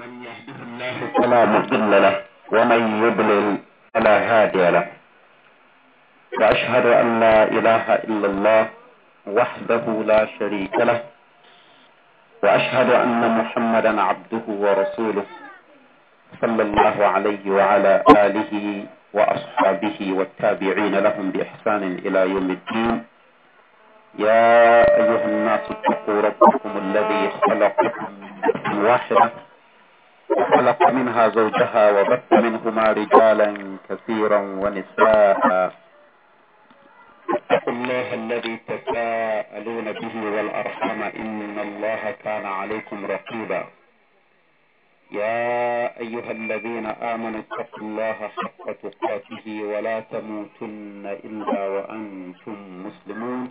من يهده الله فلا مضل له ومن يضلل فلا هادي له وأشهد أن لا إله إلا الله وحده لا شريك له وأشهد أن محمدا عبده ورسوله صلى الله عليه وعلى آله وأصحابه والتابعين لهم بإحسان إلى يوم الدين يا أيها الناس اتقوا ربكم الذي خلقكم من واحدة وخلق منها زوجها وبث منهما رجالا كثيرا ونساء اتقوا الله الذي تساءلون به والارحام ان الله كان عليكم رقيبا يا ايها الذين امنوا اتقوا الله حق تقاته ولا تموتن الا وانتم مسلمون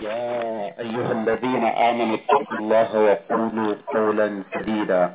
يا ايها الذين امنوا اتقوا الله وقولوا قولا سديدا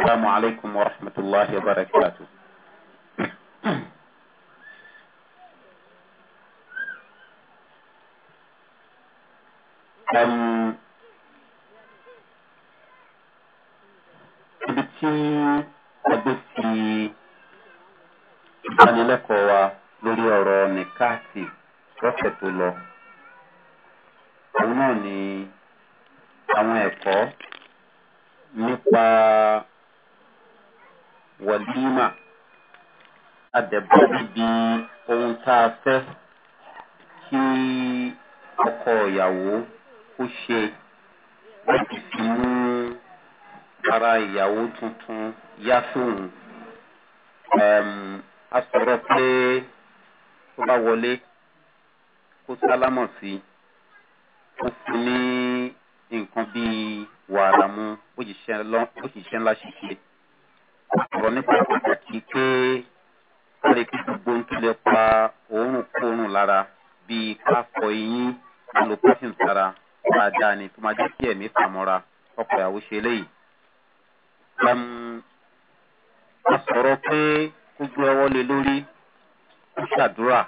السلام عليكم ورحمة الله وبركاته أم، tí ẹgbẹ́ fi ìdánilẹ́kọ̀ọ́ wa lórí ọ̀rọ̀ nìkáàtì lọ́sẹ̀ tó lọ. ṣẹ̀ṣẹ̀ bọ́ níbi ohun tá a fẹ́ kí ọkọ ìyàwó ó ṣe láti fi mú ara ìyàwó tuntun yá sóhun. a sọ̀rọ̀ pé tó bá wọlé kó sálámọ̀ sí ó fún ní nǹkan bíi wàrà mu ó sì ṣe ńlá ṣíṣe. ọ̀rọ̀ nípa pàtàkì pé sáré kí gbogbo ń tilẹ̀ pa òórùn kóòrùn lára bíi káfọ eyín alopathin sára dáadáa ni tó máa jẹ́ kí ẹ̀mí fàmọ́ra ọkọ̀ ìyàwó ṣe léyìí. a sọ̀rọ̀ pé kó gbé ọwọ́ lé lórí ó ṣàdúrà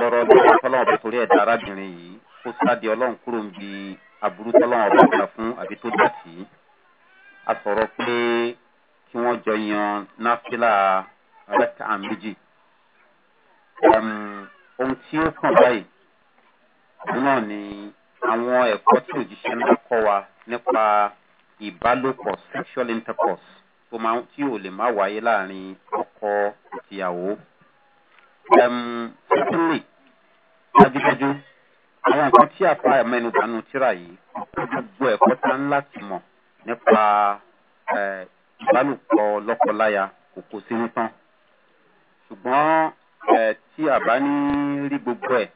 lọ́rọ̀ lọ́wọ́ tọ́lọ́wọ́ bá torí ẹ̀dá arábìnrin yìí kó sáde ọlọ́run kúrò ń aburú tọ́lọ́wọ́ bá gbà fún àbí tó dà sí. a sọ̀rọ̀ pé kí wọ́n jọ yan náfìlà rákà méjì um, ohun tí ó kàn báyìí náà ni àwọn ẹ̀kọ́ tí òjíṣẹ́ ńlá kọ́ wa nípa ìbálòpọ̀ sexual intercourse to máa tí ò lè má wáyé láàrin ọkọ ìyàwó. Um, secondly dájúdájú àwọn nǹkan tí àpá ẹ̀mẹ́nu dànù tíra yìí gbogbo ẹ̀kọ́ tá ń láti mọ̀ nípa eh, ìbálòpọ̀ lọ́kọláya kò kó sínú tán ṣùgbọ́n tí a bá ní rí gbogbo ẹ̀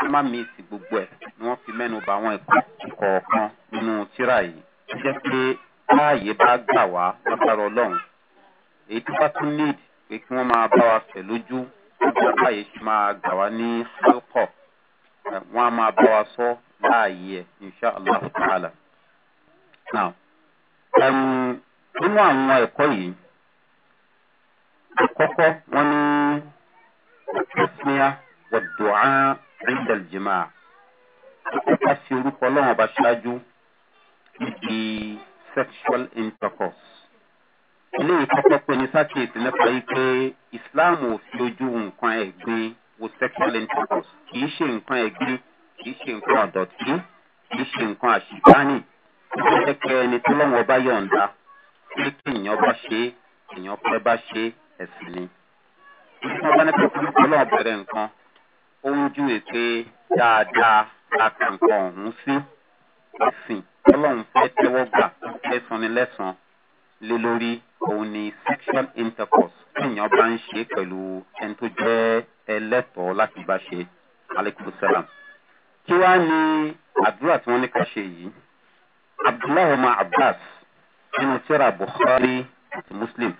a má mi sí gbogbo ẹ̀ ni wọ́n fi mẹ́nu ba àwọn ẹ̀kọ́ kọ̀ọ̀kan nínú tíra yìí ó jẹ́ pé láàyè bá gbà wá lágbára ọlọ́run èyí tó bá tún need pé kí wọ́n máa bá wa fẹ̀ lójú ọjọ́ láàyè ṣe máa gbà wá ní halkọ̀ wọ́n á máa bá wa sọ láàyè ẹ̀ insha allah ta'ala. nínú àwọn ẹ̀kọ́ yìí àkọ́kọ́ wọn ní tasmiya wà dùcá ríndal jimá àkọ́kọ́ fi orúkọ lọ́wọ́n bá ṣáájú níbi sexual intercourse eléyìí kọ́kọ́ pé ní sákèsì nípa yìí pé islam ò fi ojú nǹkan ẹ̀gbin wo sexual intercourse kì í ṣe nǹkan ẹ̀gbin kì ṣe nǹkan ọ̀dọ̀tí kì ṣe nǹkan àṣìbáni kí ẹ̀kẹ́ ẹni tó lọ́wọ́ bá yọ̀ǹda kí èèyàn bá ṣe èèyàn fẹ́ bá ṣe ẹ̀sìn ni. Ìjọba bá ní pé kúrúkú náà bẹ̀rẹ̀ nǹkan, ó ń júwe pé dáadáa la kà nǹkan ọ̀hún sí. Ẹ̀sìn ọlọ́run fẹ́ tẹ́wọ́ gbà fẹ́ sanni lẹ́sàn-án lé lórí òun ni sexual intercourse téèyàn bá ń ṣe pẹ̀lú ẹni tó jẹ́ ẹlẹ́tọ̀ọ́ láti bá ṣe aleykum salam. Kí wá ni àdúrà tí wọ́n ní ká ṣe yìí? Abdullahi Abbas nínú tíra Bukhari àti Muslim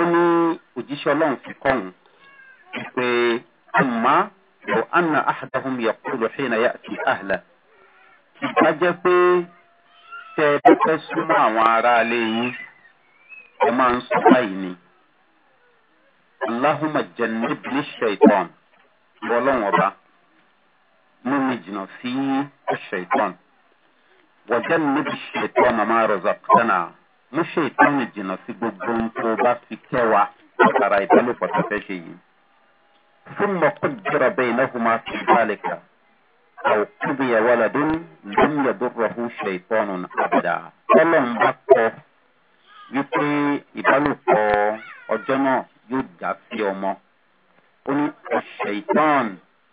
ó ní òjíṣẹ́ ọlọ́run fi kọ́ òun pé àmọ́ lọ anna ahadahum yakulu xina ya ti ahla ìgbà jẹ́ pé tẹ ẹ bá fẹ́ súnmọ́ àwọn aráalé yín ẹ máa ń sọ báyìí ni allahumma jannibni shaitan bọ́lọ́wọ́n ọba mú mi jìnnà sí shaitan wọ́n jẹ́ níbi shaitan mama rẹ̀ zàkútánà níṣe ìtọ́yìn jìnnà sí gbogbo ohun tó bá fi kẹwàá látara ìbálòpọ̀ tó fẹ́ ṣe yìí. fún mọ̀kú jẹ́rọ bẹ́ẹ̀ náà fún máa fi ìbálẹ̀ kà àwọn kúbi ẹ̀wọ́ lọ́dún lóun lè bó rọ̀hún ṣe ìtọ́nù àbàdà. ọlọ́run bá kọ wípé ìbálòpọ̀ ọjọ́ náà yóò dá sí ọmọ. ó ní ọ̀ṣẹ̀ ìtọ́n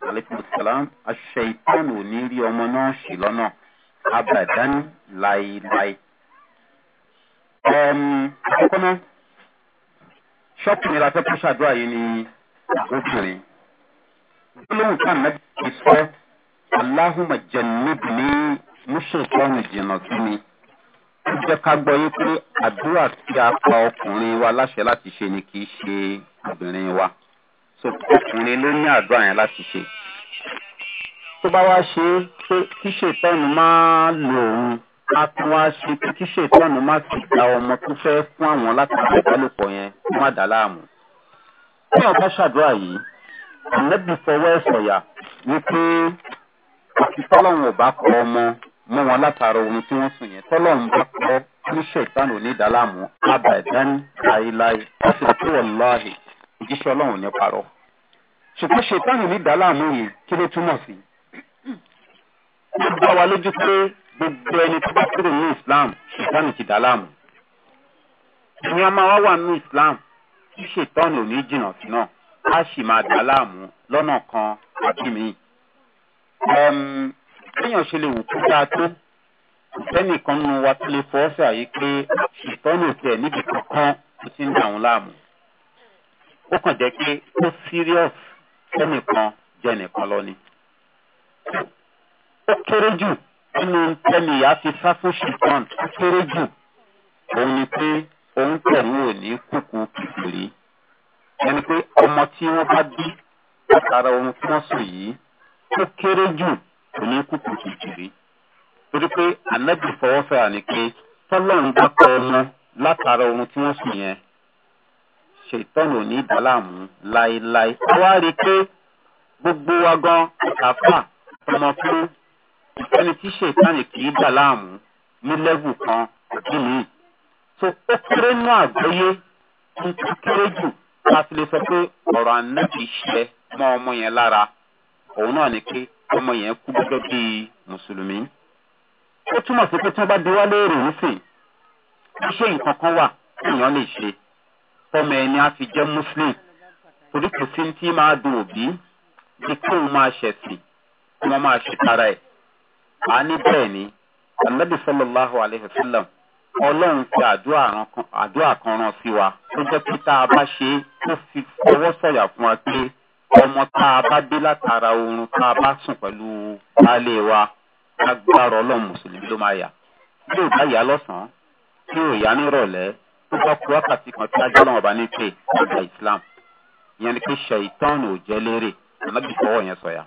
aleykum salaam ọ̀ṣẹ̀ ìtọ́n ò ní rí ọmọ náà ṣì lọ́nà àbàdán láéláé àkọ́kọ́ náà ṣọ́ọ̀pù yẹn la fẹ́ kó ṣàdúrà yìí ni obìnrin gbólóhùn kan nàbí sọ aláhùnmá jẹ̀nùbì ní mùsùlùmí jìnnà sí ni ó jẹ́ ká gbọ́ yín pé àdúrà tí a pa ọkùnrin wa láṣẹ láti ṣe ni kì í ṣe obìnrin wa so ọkùnrin ló ní àdúrà yẹn láti ṣe tó bá wá ṣe é kí ṣètọ́nù máa lò òun a tún wá ṣe pé kí ṣètọ́nù má fi gba ọmọ tó fẹ́ fún àwọn látàrí ìbálòpọ̀ yẹn fún àdáláàmù. bí ọba ṣàdúrà yìí ànẹ́bí fọwọ́ ẹ̀sọ̀yà wípé àti tọ́lọ́run ò bá kọ ọmọ mọ́ wọn látara ohun tí wọ́n sùn yẹn tọ́lọ́run bá kọ ní ṣètọ́nù ní ìdáláàmù abẹ́dẹ́n láéláé láti tó wọláhì ìjíṣẹ́ ọlọ́run ní parọ́. ṣùgbọ́n ṣètọ́nù ní ìdáláàmù yìí kí ló túmọ̀ sí? ó dá wa lójú pé gbogbo ẹni tó bá kúrò ní islam ṣètọ́nù ti dá láàmú. ìyẹn a máa wá wà nínú islam tí ṣètọ́nù ò ní jìnnà sí náà á sì máa dá láàmú lọ́nà kan àbí mi. kéèyàn ṣe lè wù kó dáa tó sẹ́nìkan nínú wa tó lè fọ́ ṣe pé ṣètọ́nù tiẹ̀ níbi kankan tó ti ń dà wọ́n láàmú. ó kàn jẹ́ pé ó serious sẹ́nìkan jẹ́ nìkan lọ ni. ó kéré jù nínú tẹ́lẹ̀ ìyá fi sá fún ṣùgbọ́n tó kéré jù òun ni pé òun pẹ̀lú òní kúkú kìkìrí ẹni pé ọmọ tí wọ́n bá bí látara ohun tí wọ́n sùn yìí tó kéré jù òní kúkú kìkìrí torí pé ànábì fọwọ́fẹ́ àní pé tọ́lọ́run bá kọ ọmọ látara ohun tí wọ́n sùn yẹn ṣètọ́nù òní ìdálàmú láéláé. wọ́n á rí i pé gbogbo wa gan àtàfà ọmọ fún ẹni tí ṣètánì kì í dà láàmú ní lẹ́gùn kan àbí míì. so ó kéré ní àgbáyé ń tó kéré jù ká fi lè sọ pé ọ̀rọ̀ ànábì ṣẹ mọ́ ọmọ yẹn lára òun náà ni pé ọmọ yẹn kú gẹ́gẹ́ bí mùsùlùmí. ó túmọ̀ sí pé tí wọ́n bá di wá léèrè nísìn ṣé nǹkan kan wà èèyàn lè ṣe fọmọ ẹni á fi jẹ́ muslim torí kò sí ti máa dùn òbí bí kóun máa ṣẹ̀sìn kí wọ́n máa ṣe tara ẹ̀ a ní bẹ́ẹ̀ ni anabi sallallahu alayhi wa sallam ọlọ́run fi àdúrà kan ran sí wa tó jẹ́ pé tá a bá ṣe é ó fi fọwọ́ sọ̀yà fún wa pé ọmọ tá a bá dé látara oorun tá a bá sùn pẹ̀lú baálé wa lágbára ọlọ́run mùsùlùmí ló máa yà bí ò bá yà lọ́sàn-án bí ò yà nírọ̀lẹ́ tó bá kú wákàtí kan tí ajá náà bá ní pè ọgbà islam ìyẹn ni pé ṣèyítọ́nù ò jẹ́ lérè ànábì yẹn sọ̀yà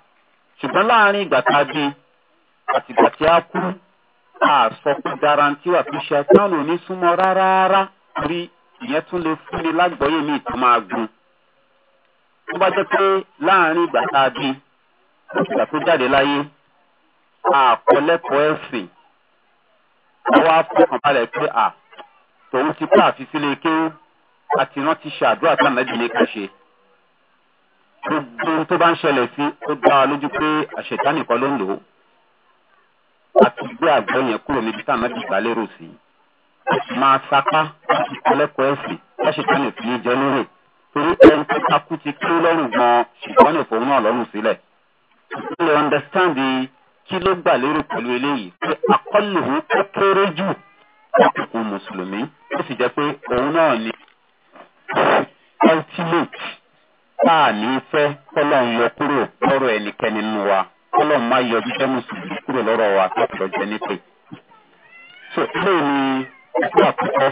ṣùgbọ́n láàrin ìgbà tá a dín àtìgbà tí a kú a sọ pé garanti wà fi ṣe àtàwọn òní súnmọ́ rárá rí ìyẹn tún lè fúnni lágbọ́yé mi tó máa gun. tó bá jẹ́ pé láàrin ìgbà tá a bí ìgbà tó jáde láyé àkọlẹ́kọ̀ọ́ ẹ̀sìn wọ́n á fọkàn balẹ̀ pé à tòun ti pa àfi sílé ké àti rántí ṣe àdúrà tó ànábì ní ká ṣe. gbogbo tó bá ń ṣẹlẹ̀ sí ó dá a lójú pé àṣetánìkan ló ń lò ó àti gbé àgbọ̀ yẹn kúrò níbi tá a máa dìgbà lérò sí. máa sapá láti kọ́lẹ́kọ̀ọ́ ẹ̀sìn lọ́sìkánì fi ń jẹ lórí torí ẹni tó takú ti kú lọ́rùn gan-an ṣùgbọ́n ní ìfowó náà lọ́rùn sílẹ̀. ó lè kí ló gbà lérò pẹ̀lú eléyìí pé akọ́lùhùn tó kéré jù ọkùnkùn mùsùlùmí ó sì jẹ́ pé òun náà ni ultimate tá a ní fẹ́ kọ́lọ́n yọ kúrò lọ́rọ̀ ẹnikẹ́ni nínú wa kọ́lọ́n kúrò lọ́rọ̀ wa káàkiri ọjọ́ nípe. so ilé ni ẹ̀kú àkọ́kọ́.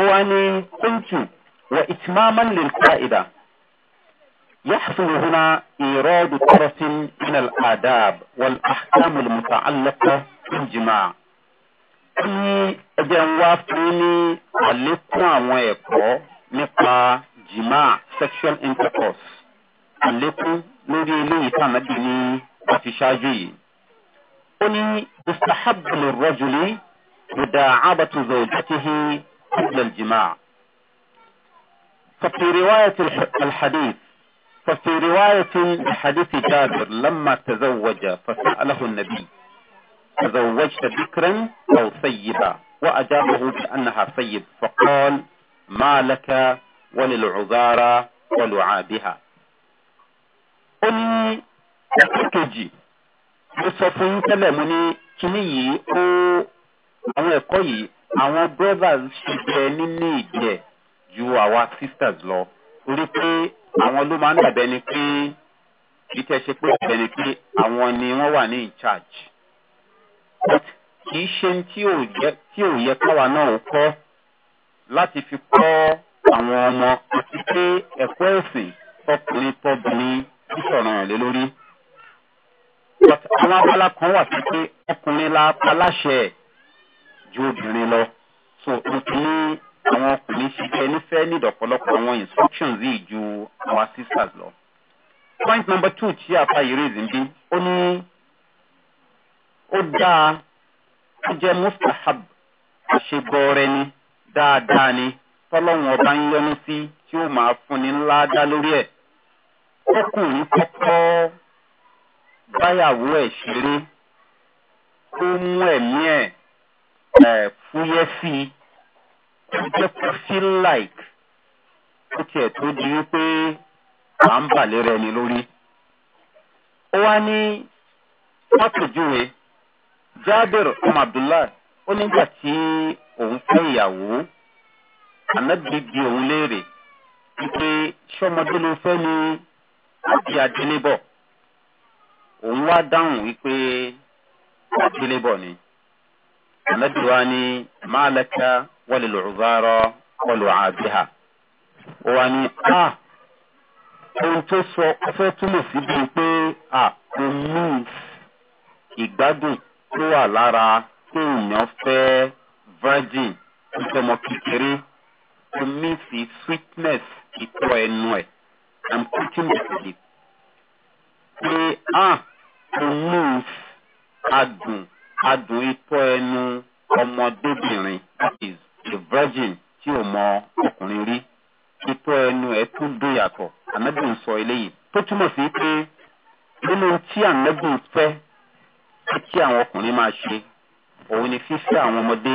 ó wá ní kóńtù wà ìtìmáàmá lè kúrò ìdá. يحصل هنا إيراد طرف من الآداب والأحكام المتعلقة بالجماع ní ẹjẹ́ ń wá fún ní àlékún àwọn ẹ̀kọ́ nípa jìmá sexual intercourse àlékún lórí eléyìí tànàbí ní láti ṣáájú yìí. قل استحب للرجل مداعبة زوجته قبل الجماع ففي رواية الحديث ففي رواية حديث جابر لما تزوج فسأله النبي تزوجت بكرا أو سيبا وأجابه بأنها سيب فقال ما لك وللعذارى ولعابها قل تجي mo sọ fún yín tẹ́lẹ̀ mo ní kíní yìí ó àwọn ẹ̀kọ́ yìí àwọn brothers ṣe bẹ níní ìjẹ́ ju àwa sisters lọ torí pé àwọn ló máa ń dàbẹ́ ni pé bí tẹ́ ṣe pé dàbẹ́ ni pé àwọn ni wọ́n wà ní in charge but kì í ṣe tí ò yẹ káwa náà kọ́ láti fi kọ́ àwọn ọmọ àti pé ẹ̀kọ́ ẹ̀sìn tọkùnrin tọbìnrin ń sọ̀rọ̀ yàn lé lórí àwọn abala kan wà sí pé ọkùnrin la aláṣẹ ju obìnrin lọ so nítorí àwọn ọkùnrin ṣiṣẹ́ nífẹ̀ẹ́ ní ìdọ̀pọ̀lọpọ̀ àwọn instructions yìí ju our sisters lọ. point number two tí àpá yìí rèé zimbi ó ní ó dáa ó jẹ́ mustahab àṣegọ́rẹ́ ni dáadáa ni tọ́lọ́hún ọba ń yọnu sí tí ó máa fúnni ńlá dá lórí ẹ̀ ọkùnrin kọ́kọ́ báyàwó ẹ̀ ṣeré ó mú ẹ̀mí ẹ̀ fúyẹ́ sí i ó jẹ́ kó feel like ó tiẹ̀ tó di wípé à ń bà lérẹ̀ ni lórí. ó wá ní pàtòjúwe jábìr ọmọ abdullahi ó nígbà tí òun fẹ́ ìyàwó ànábì bi òun léèrè wípé ṣọmọdé ló fẹ́ ni àbí adélébọ̀ òun wá dáhùn wípé àgbélébọ̀ ni àmẹ́dùwá ni máa lẹ́ka wọlé lùrùbárọ̀ kọlù àbíhà ó wá ní a ohun tó sọ ọfẹ́ túmọ̀ sí bíi pé a kò mú ìgbádùn tó wà lára kéèyàn fẹ́ virgin ìtọ́mọ kékeré kò mí sí sweetness ìtọ́ ẹnu ẹ̀ i'm putting it to pé a remove adùn adùn ikọ́ ẹnu ọmọdébìnrin that is the virgin tí ò mọ ọkùnrin rí ikọ́ ẹnu ẹ̀ tún dùn yàtọ̀ ànábì ń sọ eléyìí tó túmọ̀ sí pé nínú tí ànábì ń fẹ́ kí àwọn ọkùnrin máa ṣe òun ni fífẹ́ àwọn ọmọdé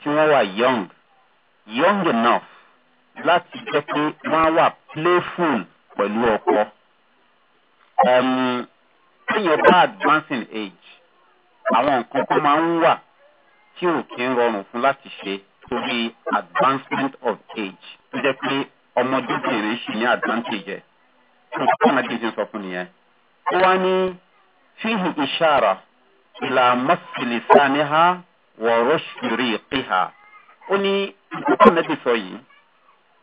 tí wọ́n wà young young enough láti jẹ́ pé wọ́n á wà playful pẹ̀lú ọkọ. Um, téèyàn bá advancing age àwọn nǹkan kan máa ń wà tí ò kí ń rọrùn fún láti ṣe torí advancement of age tó jẹ́ pé ọmọdébìnrin ṣì ní advantage ẹ̀ tó tó kọ́nà kejì ń sọ fún nìyẹn. ó wá ní fíhì ìṣàrà ìlà mọ́sílẹ̀sá ní ha wọ̀rọ̀ ṣùrì pé ha ó ní ìkókànlẹ́bí sọ yìí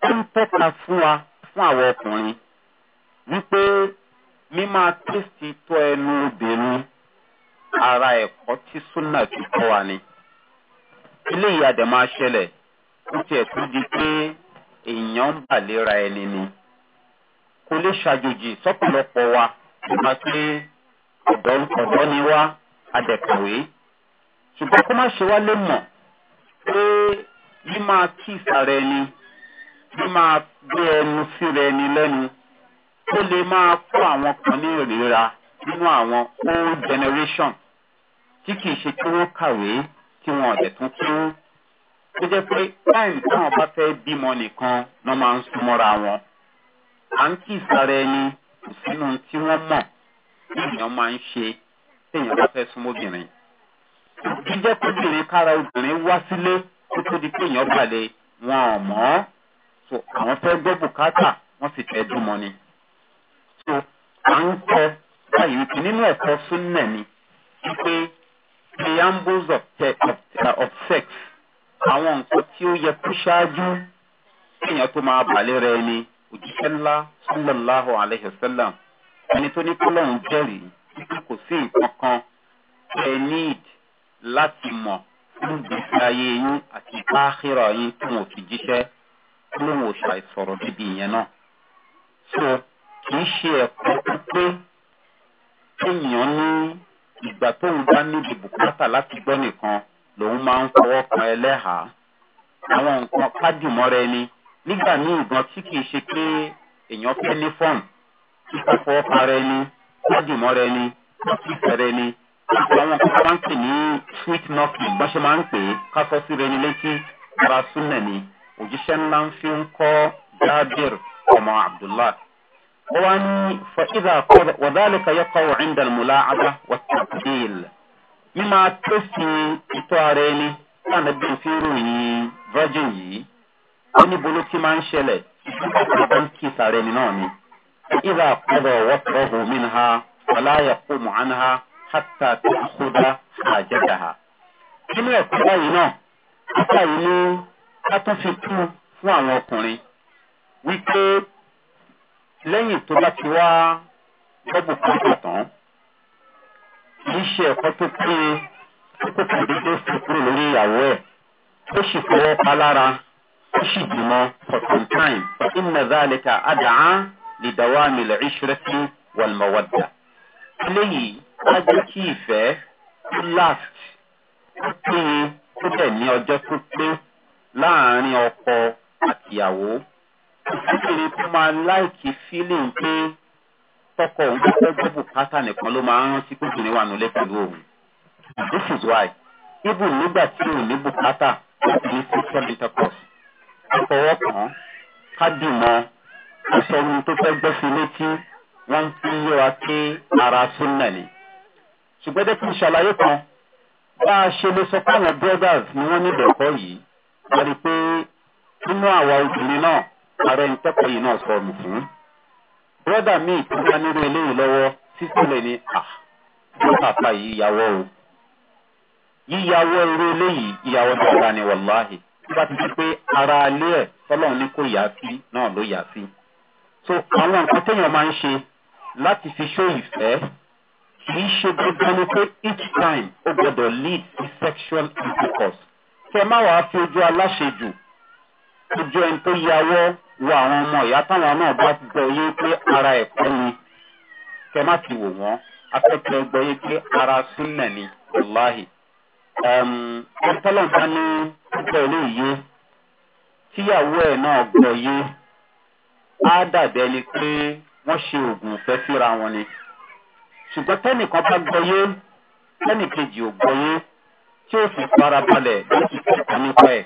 ó ń tẹ́ka fún wa fún àwọn ọkùnrin wípé mímá tẹ́sí tó ẹnu obìnrin ara ẹ̀kọ́ tí súnà fi kọ́ wa ni. ilé ìyàdẹ̀ máa ṣẹlẹ̀ ó tiẹ̀ tún di pé èèyàn ń bà léra ẹni ni. kò lè ṣàjòjì sọ́pọ̀lọpọ̀ wa nípa pé ọ̀dọ́ ni wá adẹ̀kọ̀wé. ṣùgbọ́n kó má ṣe wá lè mọ̀ pé mímá kíìsì ara ẹni mímá gbé ẹnu síra ẹni lẹ́nu ó lè máa fún àwọn kan ní ìrora nínú àwọn old generation tí kì í ṣe kí wọ́n kàwé kí wọ́n ọ̀dẹ̀ tún kí wọ́n. ó jẹ́ pé táìmù táwọn bá fẹ́ bímọ nìkan ló máa ń súnmọ́ra wọn. à ń kí ìsára ẹni kò sínú tí wọ́n mọ̀ bí èèyàn máa ń ṣe téèyàn bá fẹ́ súnmọ́ obìnrin. jíjẹ́ kóbìnrin kára obìnrin wá sílé kó tó di péèyàn balẹ̀ wọn ò mọ̀ ọ́. àwọn fẹ́ gbọ́ bùkátà wọ́n sì fẹ́ dúnmọ́ ni so à ń kọ báyìí wípé nínú ẹ̀kọ́ súnnà ni wípé preambles of, te, of, uh, of sex àwọn nǹkan tí ó yẹ kó ṣáájú èèyàn tó máa bàlẹ́ rẹ ni òjíṣẹ́ ńlá sallallahu alayhi wa sallam ẹni tó ní kọ́lọ́hún jẹ́rìí kò sí nǹkan kan ẹ need láti mọ̀ fún gbèsè ayé yín àti báàkìrà yín tó wọn ò fi jíṣẹ́ tó ò ṣàìsọ̀rọ̀ níbi ìyẹn náà kì í ṣe ẹ̀kọ́ pípé èèyàn ní ìgbà tóun bá níbi bùkátà láti gbọ́ nìkan lòun máa ń fọwọ́ kan ẹlẹ́hàá àwọn nǹkan kájùmọ́ra ẹni nígbà míì gan tí kì í ṣe pé èèyàn fẹ́ ní fọ́ọ̀mù kíkọ́ fọwọ́ para ẹni kájùmọ́ra ẹni kíkẹ́rẹ́ ẹni àwọn nǹkan máa ń pè ní sweet nothing bá ṣe máa ń pè é kásọ́ sí rẹni létí ara súnmẹ̀ ni òjíṣẹ́ ńlá ń fi ń kọ́ jábìr ọmọ abdullahi. وأن فإذا وذلك يقع عند الملاعبة والتقبيل مما تسمي إطارين كان الدنفيري فاجي أني بلوكي ما انشلت بلوكي سارين نومي فإذا قضى وطره منها ولا يقوم عنها حتى تأخذ حاجتها inú ẹ̀kọ́ báyìí náà látàrí ní ká tún fi kú fún àwọn ọkùnrin wípé lẹ́yìn tó bá ti wá gbọ́gbù kọ́ńtà tán kì í ṣe ẹ̀kọ́ tó pé kókó kàdé tó fi kúrò lórí ìyàwó ẹ̀ ó sì fọwọ́ pa lára ó sì dùnmọ́ for some time ìmọ̀ zálẹ̀ka àdàá lè dàwọ́ àmì ilẹ̀ ìṣúrẹ́sì wàlmọ̀wàdà. eléyìí á jẹ́ kí ìfẹ́ tó last ó péye kó dẹ̀ ní ọjọ́ tó pé láàárín ọkọ àtìyàwó kékeré tó máa láìkí fílìn pé tọkọ òun bá fẹ́ gbọ́ bùkátà nìkan ló máa ń rántí pé obìnrin wà nílé pẹ̀lú òun. this is why even nígbà tí ò ní bùkátà láti ní sexual intercourse àtọwọ́ kan ká dìmọ̀ ìsọnu tó fẹ́ gbẹ́sẹ̀ létí wọ́n fi yé wa pé ara súnà ni. ṣùgbọ́n dẹ́kun ṣàlàyé kan bá a ṣe lè sọ pé àwọn brothers ni wọ́n nílò ẹ̀kọ́ yìí wọ́n rí i pé nínú àwa obìnrin náà ààrẹ ìtọ́kọ̀ yìí náà sọnù fún. bírọ́dà míì tó bá nínú eléyìí lọ́wọ́ sísílẹ̀ ni à ló pàpà yìí yàwọ́ o. yíyàwọ́ irú eléyìí ìyàwó dáadáa ni wàláhì. tó bá ti di pé ara alẹ́ ẹ̀ tọ́lọ́run ní kò yá sí náà ló yá sí. so àwọn nǹkan téèyàn máa ń ṣe láti fi ṣó ìfẹ́ kì í ṣe gbogbo ni pé each time ó gbọdọ̀ lead to sexual intercourse. kẹ má wàá fi ojú aláṣejù ojú ẹni tó yàwọ́ wo àwọn ọmọ ìyá táwọn náà bá ti gbọ́ yé pé ara ẹ̀kọ́ ni kẹ má ti wò wọ́n afẹ́kẹ́ gbọ́ yé pé ara súnà ni wàláhì. ọ̀pọ̀lọpọ̀ ní púpọ̀ ilé yé tíyàwó ẹ̀ náà gbọ́ yé á dàbẹ́ ni pé wọ́n ṣe oògùn ìfẹ́ síra wọn ni. ṣùgbọ́n tẹ́nìkan bá gbọ́ yé tẹ́nìkejì ò gbọ́ yé tí ó sì farabalẹ̀ láti kẹ́kọ̀ọ́ nípa ẹ̀.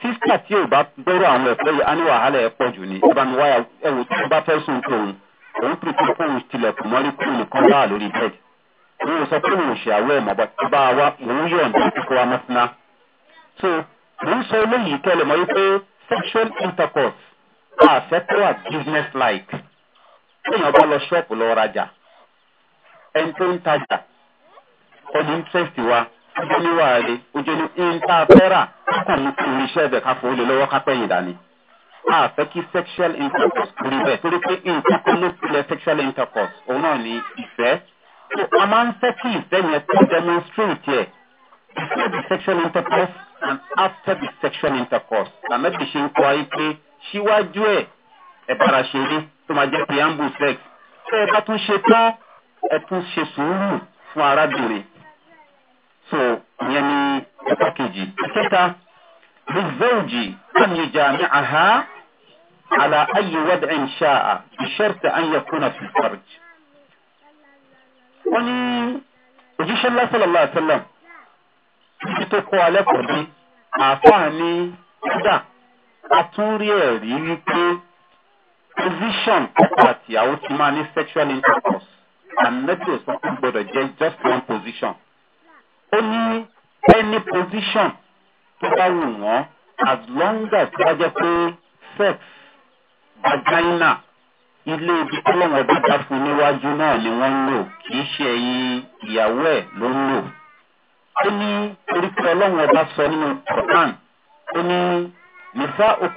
sísítà tí ò bá gbọ́rọ̀ àwọn ẹ̀kọ́ yìí á ní wàhálà ẹ̀ pọ̀ jù ní ẹ bá mi wáyà ẹ̀wò tí wọ́n bá fẹ́ sùn tóun òun pè pé kóun tilẹ̀kùn mọ́rí kóun nìkan bá lórí bẹ́ẹ̀d òun sọ pé òun ṣe àwọ̀ ẹ̀mọ́ bá wa òun yọ̀ǹda kíkọ́ wa mọ́sánná. so òun sọ eléyìí kẹ́lẹ̀ mọ́ wípé sexual intercourse àfẹ́tọ́ à business like kéèyàn bá lọ ṣọ́ọ̀pù lọ rajà ẹni tó ń tajà ọdún interest wa ọjọ́ ní wàá rí ojú ní intafera kò mú kí irinṣẹ́ ẹ̀bẹ̀ ká fún olè lọ́wọ́ ká pẹ̀yìn dání. a fẹ́ kí sexual intercourse kúrú bẹ́ẹ̀ torí pé nǹkan kan ló tilẹ̀ sexual intercourse òun náà ní ìfẹ́. a máa ń fẹ́ kí ìfẹ́ yẹn tó demonstrate yẹ before the sexual intercourse and after the sexual intercourse. làmẹ́bí ṣe ń kọ́ ayé pé síwájú ẹ̀ ẹ̀ bára ṣe rí tó máa jẹ́ preamble sex. tẹ́ ẹ bá tún ṣe tán ẹ tún ṣe sùúrù fún arábìnrin so ìyẹn ni ẹ̀ka kejì ẹ̀kẹta lizawji an yi jami'aha ala ayi wad'in sha'a bisharti an yakuna fi farj wọ́n ní òjíṣẹ́ lásìlọ́lá àtẹ́lẹ̀ títí tó kọ́ alẹ́ pọ̀ ní àáfàá ní kódà a tún rí ẹ̀rí wípé position ọkọ àtìyàwó ti máa ní sexual intercourse and network gbọdọ̀ jẹ́ just one position. ó ní any position tó bá wù as long as wọ́n jẹ́ pé sex vagina ilé ibi tí wọ́n bá dá fún níwájú náà ni wọ́n ń lò kì í ṣe ẹ̀yin ìyàwó ẹ̀ ló ń lò. ó ní oríkì ọlọ́run ọba sọ nínú quran ó ní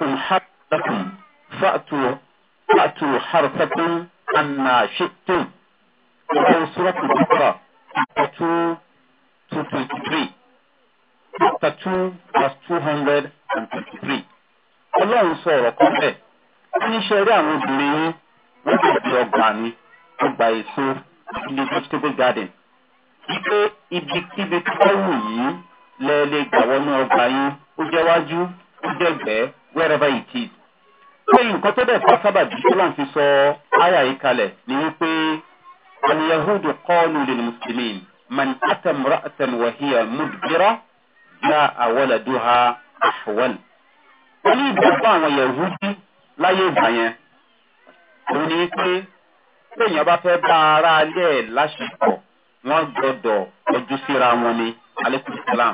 okùn fàtú anna 223 chapter 2 verse 223 ọlọ́run sọ ọ̀rọ̀ kan bẹ́ẹ̀ wọ́n ní ṣe rí àwọn obìnrin yín wọ́n bẹ̀rẹ̀ ọgbà ni ọgbà èso ilé vegetable garden wípé ibikíbi tó bá wù yìí lẹ lè gbà wọnú ọgbà yín ó jẹ́ wájú ó jẹ́ gbẹ́ wherever it is. pé nǹkan tó dẹ̀ fọ́ sábàbí tó là ń fi sọ áyà yìí kalẹ̀ ni wípé àníyàhùn dùn kọ́ ọ́ lulẹ̀ ní mùsùlùmí. من ata mura'atan وهي مدبرة جاء ولدها أحول ahwal. wọ́n ní ìgbàgbọ́ àwọn yahudi láyé ìgbà yẹn òun ni pé téèyàn bá fẹ́ bá ara alẹ́ ẹ̀ láṣepọ̀ wọ́n gbọ́dọ̀ ojú síra wọn ni alekun islam.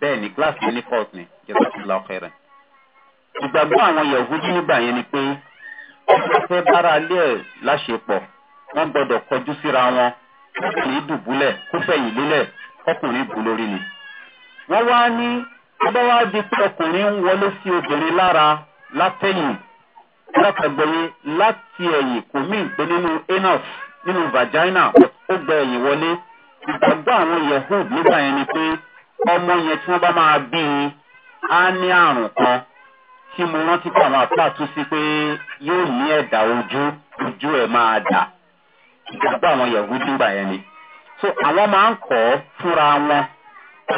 bẹ́ẹ̀ ni gíláàsì ní port ni jẹ́sọ́ ti la ọkẹ́ rẹ̀. ìgbàgbọ́ àwọn yahudi nígbà yẹn ni pé wọ́n fẹ́ bá ara alẹ́ ẹ̀ láṣepọ̀ wọ́n gbọ́dọ̀ kọjú síra wọn kókùnrin dùbúlẹ̀ kó fẹ̀yìn lélẹ̀ kọkùnrin bù lórí ni. wọ́n wá ní ọbẹ̀wá di pé ọkùnrin ń wọlé sí obìnrin lára látẹ̀yìn látàgbẹ̀yẹ láti ẹ̀yìn kò mí ìgbé nínú anus nínú vagina ó gbẹ ẹ̀yìn wọlé ìgbàgbọ́ àwọn yahood nígbà yẹn ni pé ọmọ yẹn tí wọ́n bá máa bí i á ní àrùn kan tí mo rántí pé àwọn àpá àtúnṣe pé yóò ní ẹ̀dà ojú ojú ẹ̀ máa dà ìgbàgbọ́ àwọn yahudi gbà yẹn ni so àwọn máa ń kọ́ fúnra wọn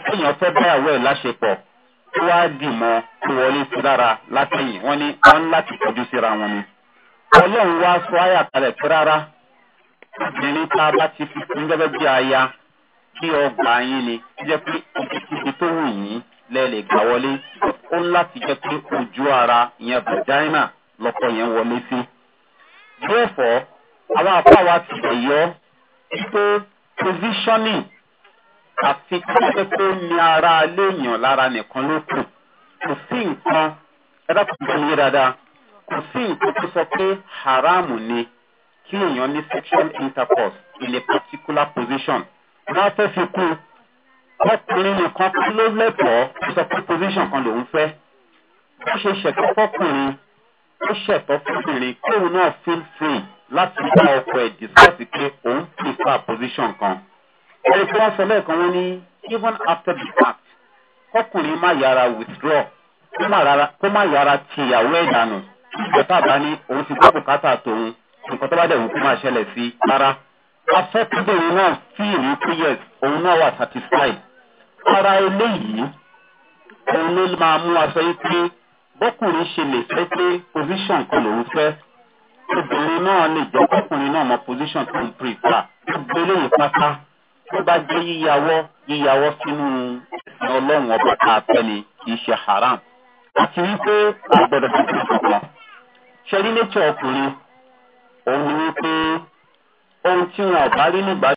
kéèyàn fẹ́ báyàwó ẹ̀ láṣepọ̀ tó wá dì tó wọlé sí lára látẹ̀yìn wọ́n ní wọ́n láti tọ́jú síra wọn ni ọlọ́run wá sọ àyà kalẹ̀ pé rárá obìnrin tá a bá ti fi fún gẹ́gẹ́ bí aya kí ọgbà yín ni jẹ́ pé ibi tó wù yín lẹ́ẹ̀lẹ̀ gbà wọlé ó láti jẹ́ pé ojú ara ìyẹn vagina lọ́kọ̀ yẹn wọlé sí. therefore àwọn àfáwà ti ẹ̀yọ́ pé provisioning àti kókó ní ara léèyàn lára nìkan ló kù kò sí nǹkan ẹ̀dàkùnkùn yé dáadáa kò sí nǹkan tó sọ pé haramu ni kí èèyàn ní sexual intercourse in a particular position wọ́n fẹ́ fi kú ọkùnrin nìkan kí ló lẹ́tọ̀ọ́ sọ pé position kan lòún fẹ́ ó ṣe ṣẹ̀tọ́ fọkùnrin ó ṣẹ̀tọ́ fọkùnrin kóun náà feel free láti bá ọkọ̀ ẹ̀ discuss pé òun prefer position kan. ẹ̀rí tí wọ́n sọ lẹ́ẹ̀kan wọn ní even after the fact kọkùnrin má yára withdraw kó má yára ti ìyàwó ẹ̀ dànù ìjọba àbá ní òun ti gbọ́ bùkátà tòun nǹkan tó bá dẹ̀ wù kó máa ṣẹlẹ̀ sí rárá. afẹ́kúndé náà sí ìlú píyẹ̀s òun náà wà satisfied. ara eléyìí òun ló máa mú aṣọ yìí pé bọ́kùnrin ṣe lè fẹ́ pé position kan lòun fẹ́ obìnrin náà lè jẹ́ ọkùnrin náà mọ position tó ń prefer gbogbo eléyìí pátá tó bá jẹ́ yíyàwó yíyàwó sínú ọlọ́run ọba tá a fẹ́ ni kì í ṣe haram àti wípé àgbọ̀dọ̀ tó ti sùn kan ṣe rí nature ọkùnrin òun ni wípé ohun tí wọn ò bá rí nígbà.